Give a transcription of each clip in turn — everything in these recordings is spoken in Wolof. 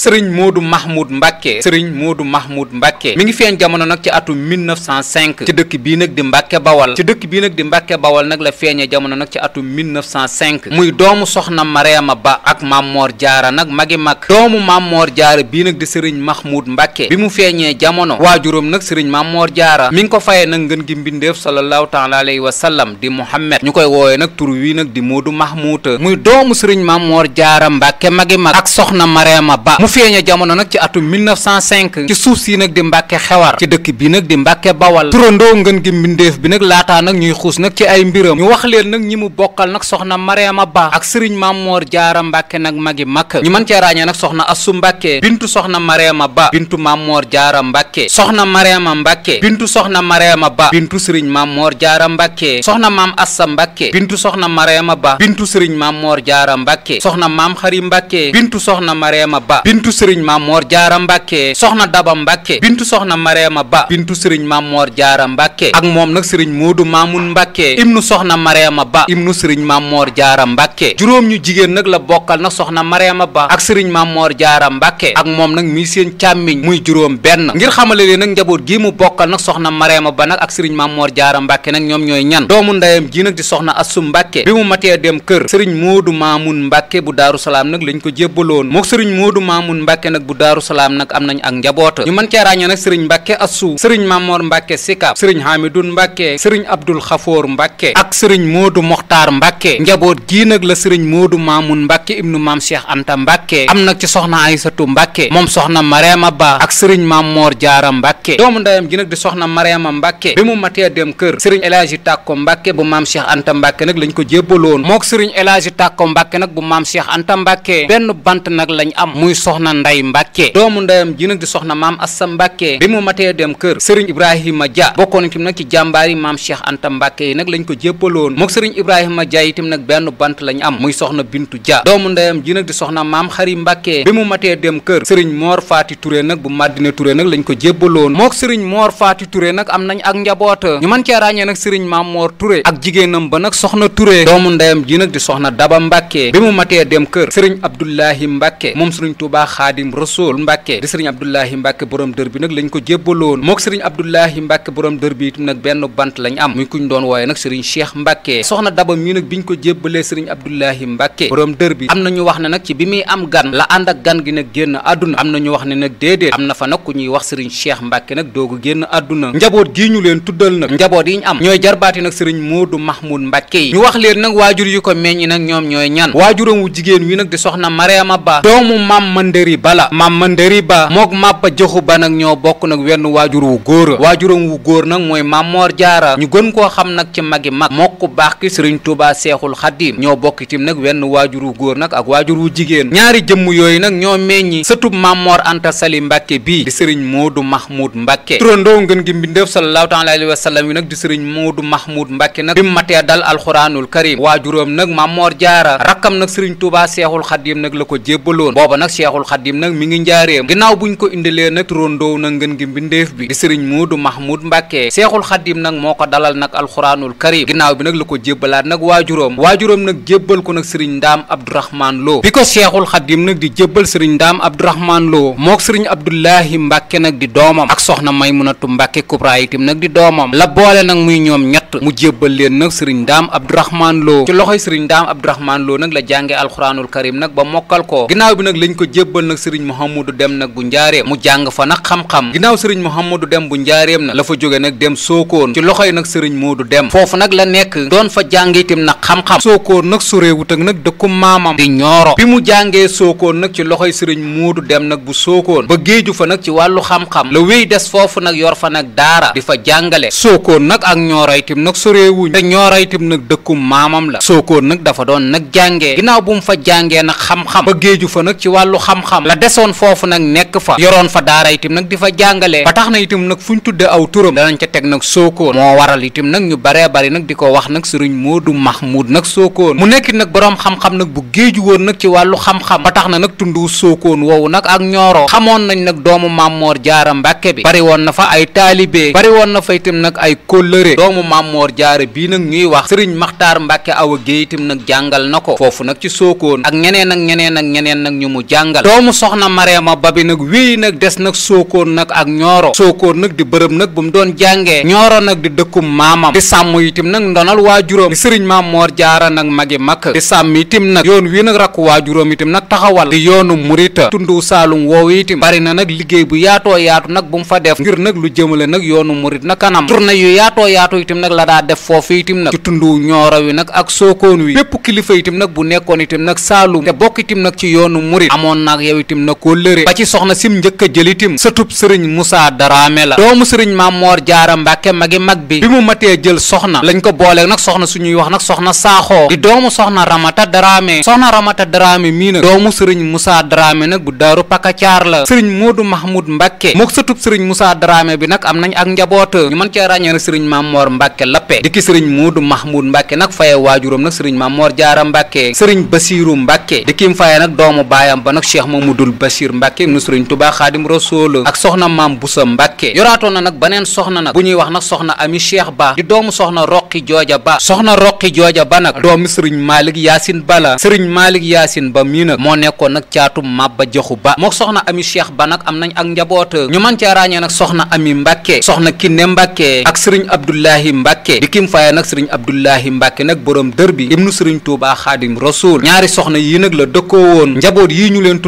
sëriñ Modou Mahmoud Mbacke sëriñ Modou Mahmoud Mbacke mi ngi feeñ jamono nag ci atum 1905 ci dëkk bii nag di Mbacke Bawal ci dëkk bii nag di mbakke Bawal nag la feeñee jamono nag ci atum 1905 muy doomu soxna Mariama Ba ak Maam Moor Jaara nag magi mag doomu Maam Moor Jaara bii nag di sëriñ Mahmoud Mbacke bi mu feeñee jamono waajuram nag sëriñ Maam Moor Jaara mi ngi ko fayee nag ngën gi mbindeef sallallahu taala alayhi wa sallam di Muhammad ñu koy woowee nag tur wii nag di Modou Mahmoud muy doomu sëriñ Maam Moor Jaara Mbacke magi mag ak soxna Mariama Ba feeña jamono nag ci atum 1905 ci suuf si nag di mbàkke xewar ci dëkk bi nag di mbàkke bawal turandoo ngën gi mbindeef bi nag laataa nag ñuy xuus nag ci ay mbiram ñu wax leen nag ñi mu bokkal nag soxna Mariama Ba ak sëriñ Mamor Jaara Mbàkke nag magi makk ñu man cee ràññee nag soxna Assu Mbàkke bintu soxna Mariama Ba bintu Mamor Jaara Mbàkke soxna Mariama Mbàkke bintu soxna Mariama Ba bintu sëriñ Mamor Jaara Mbàkke soxna maam Assa Mbàkke bintu soxna Mariama Ba bintu sëriñ Mamor Jaara Mbàkke soxna maam Xari Mbàkke bintu soxna Mariama bintu sëriñ Mamor Jaara Mbàkke soxna Daba Mbàkke bintu soxna Mareema Ba bintu sëriñ Mamor Jaara Mbàkke ak moom nag sëriñ Moodu Maamun Mbàkke ibnu soxna Mareema Ba ibnu sëriñ Mamor Jaara Mbàkke juróom ñu jigéen nag la bokkal nag soxna Mareema Ba ak sëriñ Mamor Jaara mbakke ak moom nag muy seen càmmiñ muy juróom benn ngir xamale leen nag njaboot gi mu bokkal nag soxna Mareema Ba nag ak sëriñ mamoor Jaara Mbàkke nag ñoom ñooy ñan doomu ndeyam ji nag di soxna Assu Mbàkke bi mu matee dem kër sëriñ Moodu Maamun Mbàkke bu Daaru Salaam nag lañ ko jébbaloon Mamoun Mbacke nag bu Daaru Salaam nag am nañ ak njaboota ñu mën cee ràññee nag sëriñ Mbacke Assou sëriñ Mamor Mbacke Sikap sëriñ Hamidoun Mbacke sëriñ Abdul Xafoor Mbacke ak sëriñ Modou Mokhtar Mbacke njaboot gii nag la sëriñ Modou Mamoun Mbacke ibnu Maam Cheikh Anta Mbacke am nag ci soxna Aysatu Mbacke moom soxna Mariama Ba ak sëriñ Mamor Jaara Mbacke doomu ndeyam gi nag di soxna Mariama Mbacke bi mu matee dem kër sëriñ El Hadji Tàkko Mbacke bu Maam Cheikh Anta Mbacke nag lañ ko jébbaloon mook sëriñ El Hadji Tàkko Mbacke nag bu Maam Cheikh Anta Mbacke benn bant nag lañ soxna nday mbàkke doomu ndayam ji nag di soxna maam assa mbàkke bi mu matee dem kër sëriñ ibrahima dia bokkoon itam nag ci jàmbaari maam cheikh anta mbàkke yi nag lañ ko jébbaloon mook sëriñ ibrahima dia itam nag benn bant lañ am muy soxna bintu dia doomu ndayam ji nag di soxna maam xari mbàkke bi mu matee dem kër sëriñ moor faati turé nag bu madina turé nag lañ ko jébbaloon mook sëriñ moor faati turé nag am nañ ak njaboot ñu mën cee ràññee nag sëriñ maam moor turé ak jigéenam ba nag soxna turé doomu ndayam ji nag di soxna daba mbàkke bi mu matee dem kër sëriñ abdoulahi mbàkke moom sëriñ Tuubaa Xaadim Rasuul Mbàkke di sëriñ Abdoulahi Mbàkke borom dër bi nag lañ ko jébbaloon mook sëriñ Abdoulahi Mbàkke borom dër bi itam nag benn bant lañ am muy kuñ doon wooye nag sëriñ Cheikh Mbàkke soxna Daba mii nag biñ ko jébbalee sëriñ Abdoulahi Mbàkke borom dër bi am na ñu wax ne nag ci bi muy am gan la ànd ak gan gi nag génn àdduna am na ñu wax ne nag déedéet am na fa nag ku ñuy wax sëriñ Cheikh Mbàkke nag doogu génn àdduna njaboot gii ñu leen tuddal nag njaboot yi ñu am ñooy jarbaati nag wax leen nag waajur yi ko meññi nag ñoom ñooy ñan waajuram wu jigéen wi nag di soxna Mariama Ba doomu Mandari Bala maam Mandari Ba mook Maba Jaxu Ba nag ñoo bokk nag wenn waajur wu góor waajuram wu góor nag mooy Maam Moor ñu gën koo xam nag ci magi mag mook ku baax ki Sëriñ Tuubaa Seexul Xadiim ñoo bokk itam nag wenn waajur wu góor nag ak waajur wu jigéen ñaari jëmm yooyu nag ñoo meññi sëtub Maam Moor Anta Sali Mbàkke bii di Sëriñ Moodu Mahmoud Mbàkke turandoo ngën gi mbindeef sallallahu taala alayhi wa sallam nag di Sëriñ Moodu Mahmoud Mbàkke nag bi mu matee dal alxuraanul karim waajuram nag Maam Moor Jaara rakkam nag Sëriñ Tuubaa Seexul Xadiim nag la ko jébbaloon booba nag Seexul seexul xadim nag mi ngi njaareem ginnaaw buñ ko indilee nag turandoo na ngën gi mbindeef bi di sëriñ Muudu Mahmoud Mbàkke seexul xadim nag moo ko dalal nag alxuraanul karim ginnaaw bi nag la ko jébbalaat nag waajuróom waajuróom nag jébbal ko nag sëriñ ndaam abdourahmaan loo bi ko seexul xadim nag di jébbal sëriñ ndaam abdourahmaan loo mook sëriñ abdoulahi mbàkke nag di doomam ak soxna maymunatu mbàkke kubra itam nag di doomam la boole nag muy ñoom ñett mu jébbal leen nag sëriñ ndaam abdourahmaan loo ci loxoy sëriñ ndaam abdourahmaan loo nag la jànge alxuraanul karim nag ba mokkal ko ginnaaw bi nag lañ ko jébbal jébbal nag sëriñ Mouhamadou Dem nag bu njaareem mu jàng fa nag xam-xam ginnaaw sëriñ Dem bu njaareem na la fa jóge nag dem sookoon ci loxoy nag sëriñ Modou Dem foofu nag la nekk doon fa jàng itam nag xam-xam sookoon nag soréewut ak nag dëkku maamam di ñooro bi mu jàngee sookoon nag ci loxoy sëriñ Modou Dem nag bu sookoon ba géeju fa nag ci wàllu xam-xam la wéy des foofu nag yor fa nag daara di fa jàngale sookoon nag ak ñooro itam nag soréewuñ te ñooro itam nag dëkku maamam la sookoon nag dafa doon nag jàngee ginnaaw bu mu fa jàngee nag xam-xam ba fa nag ci wàllu xam xam-xam la desoon foofu nag nekk fa yoroon fa daara itam nag di fa jàngalee ba tax na itam nag fu ñu tudde aw turam danañ ca teg nag sookoon moo waral itam nag ñu baree bari nag di ko wax mu nekkit nag boroom xam-xam nag bu géeju woon nag ci wàllu xam-xam ba tax na nag tundu sookoon woowu nag ak ñooroo xamoon nañ nag doomu Mammoor Jaara Mbàkke bi bari woon na fa ay taalibe bari woon na fa itam nag ay kóllëre doomu Mammoor Jaara bii nag ñuy wax sëriñ Maxtaar Mbàkke Awa Géey itam nag jàngal na ko foofu nag ci sookoon ak ñeneen ak ñeneen ak ñeneen ñu mu jàngal doomu soxna Mareema ba bi nag wéy nag des nag sookoon nag ak ñooro sookoon nag di bërëb nag bu mu doon jàngee ñooro nag di dëkkum maamam di sàmm itim nag ndonal waajuróom di sëriñ maam moor jaara nag magi makk di sàmm itim nag yoon wi nag rakku waajuróom itim nag taxawal di yoonu murita tundu saalum woowu itim bari na nag liggéey bu yaatoo yaatu nag bu mu fa def ngir nag lu jëmale nag yoonu murit nag kanam tourné yu yaatoo yaatu itim nag la daa def foofu itim nag ci ñooro wi nag ak sookoon wi kilifa itim nag bu nekkoon itim nag saalum te bokk itim nag ci yoonu murit ak yow itam na koo lëre ba ci soxna sim njëkk a jëlitim sëtub sëriñ Moussa Daraame la doomu sëriñ Maam Moor Jaara Mbàkke magi mag bi bi mu matee jël soxna lañ ko booleeg nag soxna suñuy wax nag soxna saaxoo di doomu soxna Ramata Daraame soxna Ramata Daraame mii nag doomu sëriñ Moussa Daraame nag bu daaru pakacaar la sëriñ Moodu Mahmoud Mbàkke mook sëtub sëriñ Moussa Daraame bi nag am nañ ak njaboot ñu mën cee ràññee sëriñ Maam Moor Mbàkke lappe dikki sëriñ Moodu Mahmoud Mbàkke nag faye nag sëriñ Maam Moor Jaara Mbàkke sëriñ Basiiru Mbàkke dikkim faye nag doomu baayam ba Cheikh Mamadul Bachir Mbacke ibnu Sëriñ Tuubaa Xaadim Rasuul ak soxna maam Busa Mbacke yoraatoon na nag baneen soxna nag bu ñuy wax nag soxna ami Cheikh Ba di doomu soxna Roqi Jooja Ba soxna Roqi Jooja Ba nag doomi Sëriñ Malik Yaasin Ba la Sëriñ Malik Yaasin Ba mii nag moo nekkoon nag caatu ba Jaxu Ba mook soxna ami Cheikh Ba nag am nañ ak njaboot ñu mën cee ràññee nag soxna ami Mbacke soxna Kinne Mbacke ak Sëriñ Abdoulahi Mbacke di kim faye nag Sëriñ Abdoulahi Mbacke nag borom dër bi ibnu Sëriñ Tuubaa Xaadim Rasuul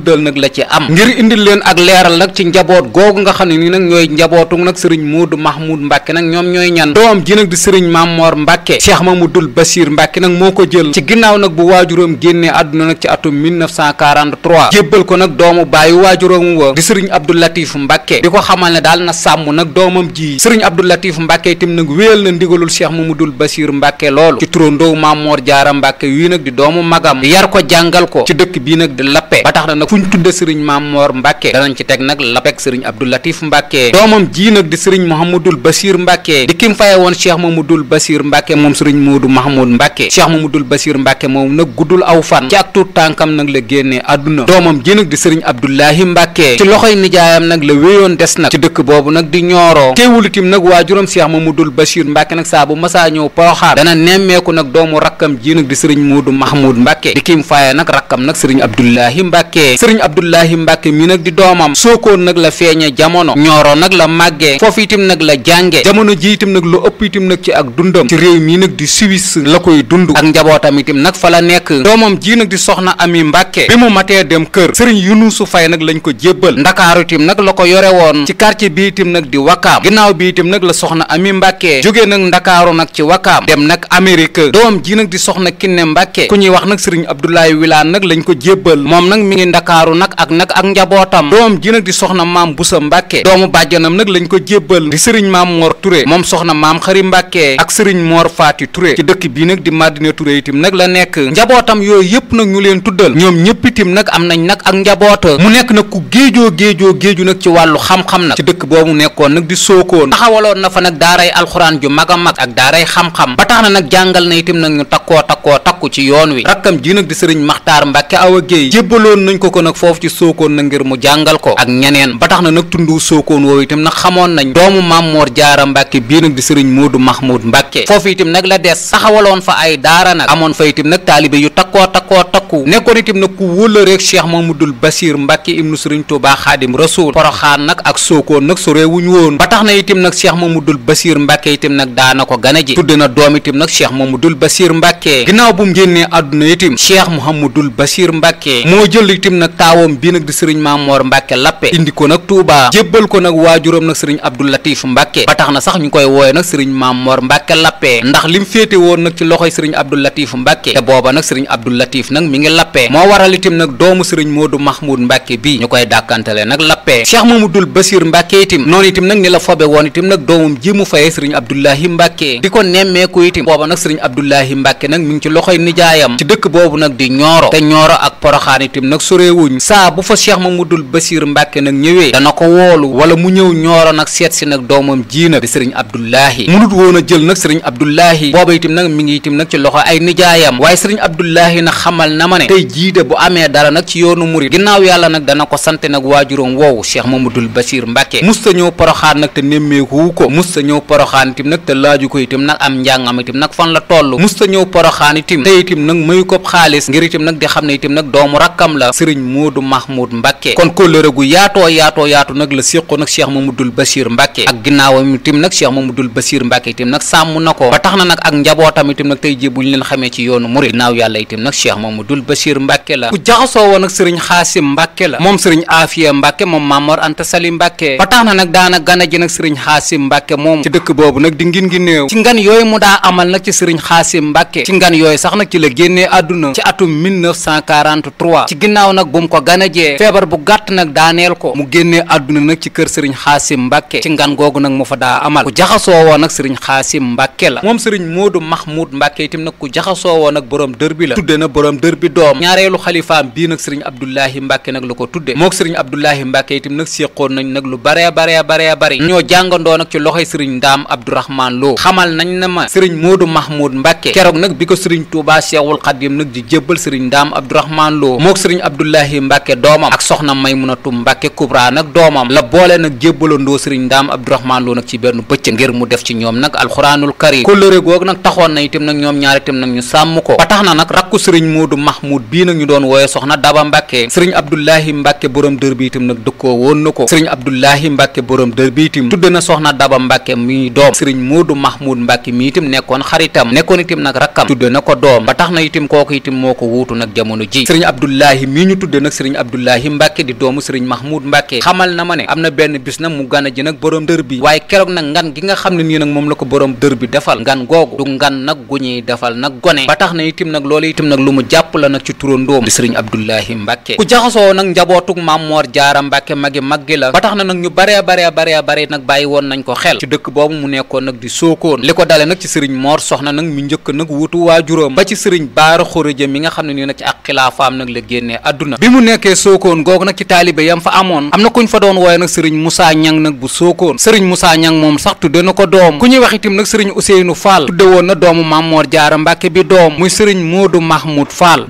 tuddal nag la ci am ngir indil leen ak leeral nag ci njaboot googu nga xam ne nii nag ñooy njabootu nag sëriñ Moodu Mahmoud Mbàkke nag ñoom ñooy ñan doom ji nag di sëriñ Mamor ma Cheikh dul Basiir Mbàkke nag moo ko jël ci ginnaaw nag bu waajuróom génnee àdduna nag ci atum 1943 jébbal ko nag doomu bàyyi waajuróom wa di sëriñ Abdou Latif Mbàkke di ko xamal ne daal na sàmm nag doomam ji sëriñ Abdou Latif Mbàkke itam nag wéyal na ndigalul Cheikh Mamadul Basiir Mbàkke loolu ci turandoow Mamor Jaara Mbàkke wii nag di doomu magam yar ko jàngal ko ci dëkk bii nag fu ñu tudde sëriñ Mamor Mbàkke danañ ci teg nag la teg sëriñ Abdou Latif Mbàkke doomam ji nag di sëriñ Mouhamadul Bachir Mbàkke di kim faye woon Cheikh Mamadul Bachir Mbàkke moom sëriñ Moodu Mahamoud Mbàkke Cheikh Mamadul Bachir Mbàkke moom nag guddul aw fan ci ak tuut tànkam nag la génnee àdduna doomam ji nag di sëriñ Abdoulahi Mbàkke ci loxoy nijaayam nag la wéyoon des nag ci dëkk boobu nag di ñooro ñooroo teewulitim nag waajuram Cheikh Mamadul Bachir Mbàkke nag saa bu masaa ñëw poroxaar dana nemmeeku nag doomu rakkam jii nag di sëriñ Moodu Mahamoud Mbàkke di kim faye nag rakkam nag sëriñ Abdoulahi sëriñ Abdoulahi Mbacke mi nag di doomam sookoon nag la feeñe jamono ñooro nag la màggee foofu itam nag la jànge jamono ji itam nag lu ëpp itam nag ci ak dundam ci réew mii nag di Suisse la koy dund ak njabootam itam nag fa la nekk doomam ji nag di soxna Ami Mbacke bi mu dem kër sëriñ Yunusu Fay nag lañ ko jébbal ndakaaru itam nag la ko yore woon ci quartier bi itam nag di Wakaam ginnaaw bi itam nag la soxna Ami Mbacke jógee nag ndakaaru nag ci Wakaam dem nag Amérique doomam ji nag di soxna Kinne Mbacke ku ñuy wax nag sëriñ Abdoulahi Wilane nag lañ ko jébbal moom nag mi ngi ndaka ndakaaru nag ak nag ak njabootam doom ji nag di soxna maam busa mbàkke doomu bàjjanam nag lañ ko jébbal di sëriñ maam moor Touré moom soxna maam xari mbàkke ak sëriñ moor faati Touré ci dëkk bii nag di Madina Touré itim nag la nekk njabootam yooyu yëpp nag ñu leen tuddal ñoom ñëpp itim nag am nañ nag ak njaboota mu nekk nag ku géejoo géejoo géeju nag ci wàllu xam-xam nag ci dëkk boobu nekkoon nag di sookoon taxawaloon na fa nag daaray alxuraan ju maga mag ak daaray xam ba tax nag jàngal na itim nag ñu takkoo takkoo takku ci yoon wi rakkam ji nag ko nag foofu ci sookoon na ngir mu jàngal ko ak ñeneen ba tax na nag tundu sookoon woowu itam nag xamoon nañ doomu Maam Moor Jaara Mbàkke bii nag di sëriñ Moodu Mahmoud Mbàkke foofu itam nag la des taxawaloon fa ay daara nag amoon fa itam nag taalibe yu takkoo takkoo yokku nekkoon itam nag ku wóllëreeg cheikh mamadul basir mbàkke ibnu sëriñ tuuba xaadim rasul poroxaan nag ak sookoon nag soree wuñ woon ba tax na itam nag seex cheikh mamadul basir mbàkke itam nag daana ko gane ji tudde na doom itam nag cheikh mamadul basir mbàkke ginnaaw bu mu génnee àdduna itam cheikh mouhamadul basir mbàkke moo jël itam nag taawam bi nag di sëriñ maamoor mbàkke lappe indi ko nag tuuba jébbal ko nag waajuram nag sëriñ abdul latif mbàkke ba tax na sax ñu koy wooye nag sëriñ maamoor mbàkke lappe ndax lim féete woon nag ci loxoy sëriñ abdul latif mbàkke te booba nag sëriñ abdul latif nag ngi lappee moo waral itam nag doomu sëriñ Modou Mahmoud Mbacke bii ñu koy dàkkantale nag lappee Cheikh Mamadou Bassir Mbacke itam noonu itam nag ni la fobe woon itam nag doomum ji mu fayee sëriñ Abdoulahi Mbacke di ko nemmeeku itam booba nag sëriñ Abdoulahi Mbacke nag mi ngi ci loxoy nijaayam ci dëkk boobu nag di ñooro te ñooro ak poroxaan itam nag soreewuñ saa bu fa Cheikh Mamadou Bassir Mbacke nag ñëwee dana ko woolu wala mu ñëw ñooro nag seet si nag doomam ji nag di sëriñ Abdoulahi munut woon a jël nag sëriñ Abdoulahi booba itam nag mi ngi itam nag ci loxo ay nijaayam waaye sëriñ Abdoulahi na xamal na ma ne tey jii de bu amee dara nag ci yoonu murit ginnaaw yàlla nag dana ko sant nag waajuróom woowu Cheikh Mamadou Bachir Mbacke mus ta ñëw poroxaan nag te nemmeekuwu ko mus ta ñëw poroxaan nag te laaju ko itam nag am njàngam nag fan la toll mus ta ñëw poroxaan itam nag mayu ko xaalis ngir itam nag di xam ne itam nag doomu rakkam la Serigne Modou Mahmoud Mbacke kon kóllëre gu yaatoo yaatoo yaatu nag la séqu nag Cheikh Mamadou Bachir Mbacke ak ginnaawam itam nag Cheikh Mamadou Bachir Mbacke itam nag sàmm na ko ba tax na nag ak njabootam itam nag tey ji ñu leen xamee ci yoonu murit ginnaaw yàlla itam nag Cheikh Mamadou Mouhamadoul Bachir la ku jaxasoo na nag daana gana ji nag sëriñ Xaasim Mbacke moom ci dëkk boobu nag di ngin ngi néew ci ngan yooyu mu daa amal nag ci sëriñ Xaasim Mbacke ci ngan la moom sëriñ Moodu Mahmoud Mbacke itam nag ku jaxasoo nag borom dër bi la tudde na borom dër bi doom ñaareelu xalifaam bii nag sëriñ Abdoulahi Mbacke nag la ko tudde mook sëriñ Abdoulahi Mbacke itam nag séqoon nañ nag lu bare bare baree bari ñoo jàngandoo nag ci loxoy sëriñ Ndaam Abdourahman Lo xamal nañ na ma sëriñ Moodu Mahmoud mbàkke keroog nag bi ko sëriñ Touba Cheikhul Khadim nag di jébbal sëriñ Ndaam Abdourahman Lo mook sëriñ Abdoulahi Mbacke doomam ak soxna may Maymunatu Mbacke Kubra nag doomam la boole nag jébbalandoo sëriñ Ndaam Abdourahman Lo nag ci benn bëcc ngir mu def ci ñoom nag alxuraanul karim kóllëre goog nag taxoon na itam nag ñoom ñaar itam nag ñu sàmm ko mahmoud bii nag ñu doon wooye soxna daba mbàkke sëriñ abdoulahi mbàkke borom dër bi itam nag dëkkoo woon na ko sëriñ abdoulahi mbàkke borom dër bi itam tudde na daba mbàkke mi doom sëriñ moodu mahmoud mbàkke mi itam nekkoon xaritam nekkoon itam nag rakkam tudde na ko doom ba tax na itam kooku itam moo ko wuutu nag jamono ji sëriñ abdoulahi mii ñu tudde nag sëriñ abdoulahi mbàkke di doomu sëriñ mahmoud mbàkke xamal na ma ne am na benn bis nag mu gana ji nag borom dër bi waaye keroog nag ngan gi nga xam ne nii nag moom la ko borom dër bi defal ngan googu du ngan nag gu ñuy defal nag gone ba tax na itam nag loolu itam nag lu mu jàpp la nag ci turandoom di sëriñ Abdoulahi Mbacke ku jaxasoo nag njabootug Maam Jaara Mbacke magi maggi la ba tax na nag ñu baree baree baree bare nag bàyyi woon nañ ko xel ci dëkk boobu mu nekkoon nag di sookoon li ko dale nag ci sëriñ Moor soxna nag mi njëkk nag wutu waajuram ba ci sëriñ Baara Xorëje mi nga xam ne nii nag ci ak xilaafaam nag la génnee adduna bi mu nekkee sookoon googu nag ci taalibe yam fa amoon am na kuñ fa doon wooye nag sëriñ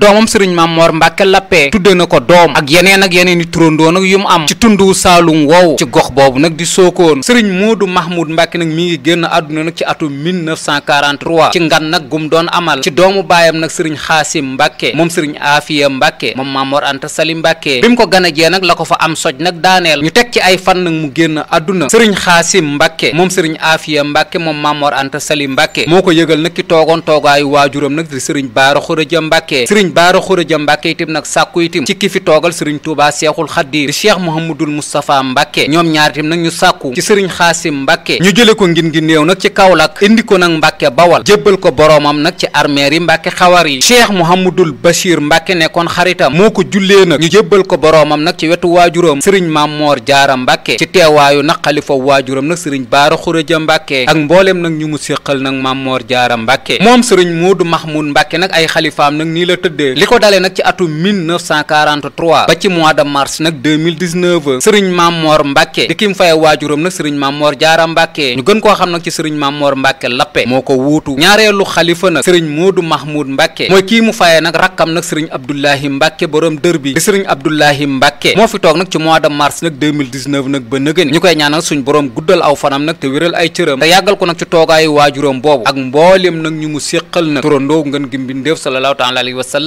doomam sëriñ Maam Moor Mbàkke Lappee tudde na ko doom ak yeneen ak yeneen i turandoo nag yu mu am ci tundu Saalum woowu ci gox boobu nag di Sookoon sëriñ Moodu Mahmoud Mbàkke nag mi ngi génn àdduna nag ci atum 1943 ci ngan nag gum doon amal ci doomu baayam nag sëriñ Xaasim Mbàkke moom sëriñ Aafiya Mbàkke moom Maam Moor Sali Mbàkke bi ko gën a jee nag la ko fa am soj nag daaneel ñu teg ci ay fan nag mu génn àdduna sëriñ Xaasim Mbàkke moom sëriñ Aafiya Mbàkke moom Maam Moor Sali Mbàkke moo ko yëgal nag ki toogoon toogaayu waajuram nag di sëriñ Baara Xuraja Mbàkke sëriñ sëriñ baara xuréja mbàkke itam nag sàkku itam ci ki fi toogal sëriñ tuubaa seexul xaddiim di cheikh mohamadul moustapha mbàkke ñoom ñaar itam nag ñu sàkku ci sëriñ xaasim mbàkke ñu jële ko ngin ngi néew nag ci kaolack indi ko nag mbàkke bawal jébbal ko boroomam nag ci armeer yi mbàkke xawar yi cheikh mohamadul bachir mbàkke kon xaritam moo ko jullee nag ñu jébbal ko boroomam nag ci wetu waajuram sëriñ mammoor jaara mbàkke ci teewaayu nag xalifa waajuram nag sëriñ baara xuréja mbàkke ak mbooleem nag ñu mu séqal nag mammoor jaara mbàkke moom sëriñ moodu mahmoud mbàkke nag ay 2002 li ko dalee nag ci atum 1943 ba ci mois de mars nag 2019 sëriñ Mamor Mbacke di kim faye waajuram nag sëriñ Mamor Jaara Mbacke ñu gën koo xam nag ci sëriñ Mamor Mbacke Lappe moo ko wuutu ñaareelu xalifa nag sëriñ Modou Mahmoud Mbacke mooy kii mu fayee nag rakkam nag sëriñ Abdoulahi Mbacke borom dër bi di sëriñ Abdoulahi Mbacke moo fi toog nag ci mois de mars nag 2019 nag ba nëgëni ñu koy ñaanal suñ borom guddal aw fanam nag te wéral ay cëram te yàggal ko nag ci toogaayu waajuram boobu ak mboolem nag ñu mu séqal nag turandoo ngën gi mbindeef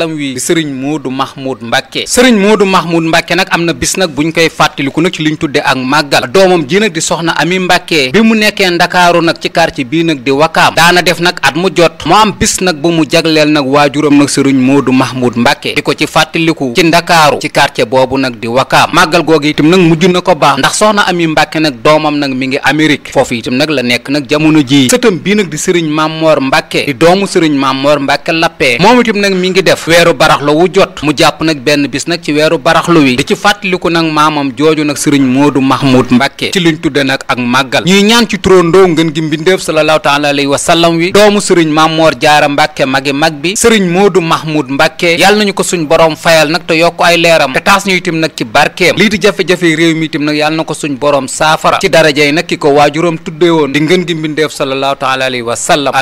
xelam wi sëriñ Moodu Mahmoud Mbacke sëriñ Moodu Mahmoud Mbacke nag am na bis nag buñ koy fàttaliku nag ci liñ tudde ak màggal doomam ji nag di soxna Ami Mbacke bi mu nekkee ndakaaru nag ci quartier bii nag di wakaam daana def nag at mu jot mu am bis nag bu mu jagleel nag waajuram nag sëriñ Moodu Mahmoud Mbacke di ko ci fàttaliku ci ndakaaru ci quartier boobu nag di wakaam màggal googu itam nag mujj na ko baax ndax soxna Ami Mbacke nag doomam nag mi ngi Amérique foofu itam nag la nekk nag jamono jii sëtam bii nag di sëriñ Mamor Mbacke di doomu sëriñ Mamor Mbacke lappee moom itam nag mi ngi weeru baraxlu wu jot mu jàpp nag benn bis nag ci weeru baraxlo wi di ci fàttaliku nag maamam jooju nag sëriñ Moodu Mahmoud Mbàkke ci liñ tudde nag ak màggal ñuy ñaan ci tróndoo ngën gi mbindéef sallallahu taala alayhi wa sallam wi doomu sëriñ Mammoor Jaara Mbàkke magi mag bi sëriñ Moodu Mahmoud Mbàkke yàlla nañu ko suñ borom fayal nag te yokk ay leeram te taas ñu itam nag ci barkeem lii di jafe-jafe réew mi itam nag yàlla na ko suñ borom saafara ci yi nag ki ko waajuram tudde woon di ngën gi mbindéef sallallahu taala alayhi